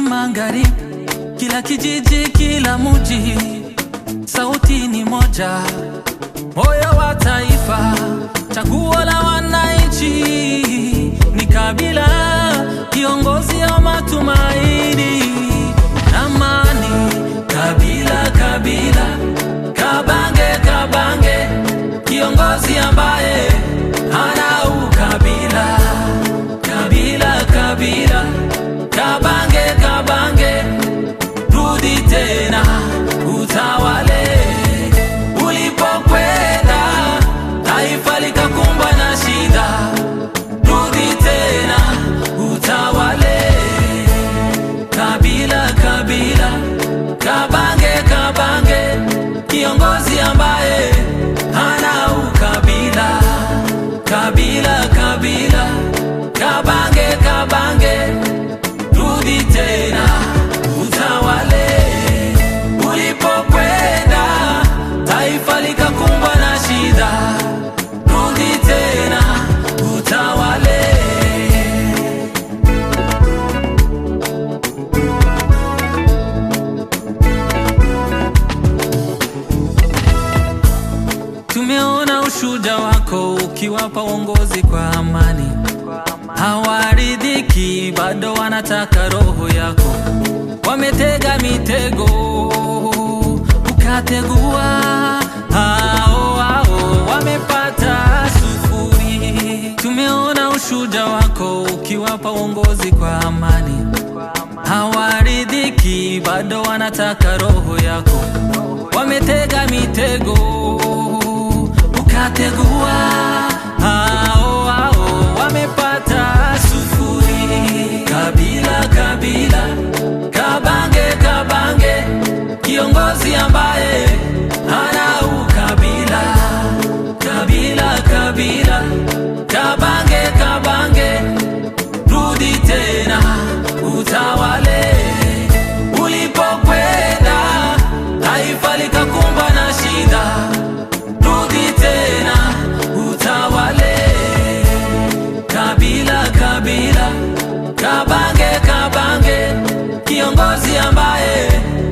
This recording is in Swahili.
magharibi, kila kijiji, kila mji, sauti ni moja, moyo wa taifa, chaguo la wananchi ni Kabila, kiongozi wa matumaini amani. Kabila, Kabila, Kabange, Kabange, kiongozi ambaye bila kabange kabange, rudi tena utawale. Ulipokwenda taifa likakumbwa na shida, rudi tena utawale. Tumeona ushuja wako ukiwapa uongozi kwa amani, hawaridhiki bado wanataka roho yako, wametega mitego ukategua hao hao, wamepata sufuri. Tumeona ushuja wako ukiwapa uongozi kwa amani, hawaridhiki bado wanataka roho yako, wametega mitego bategua Kabange Kabange, kiongozi ambaye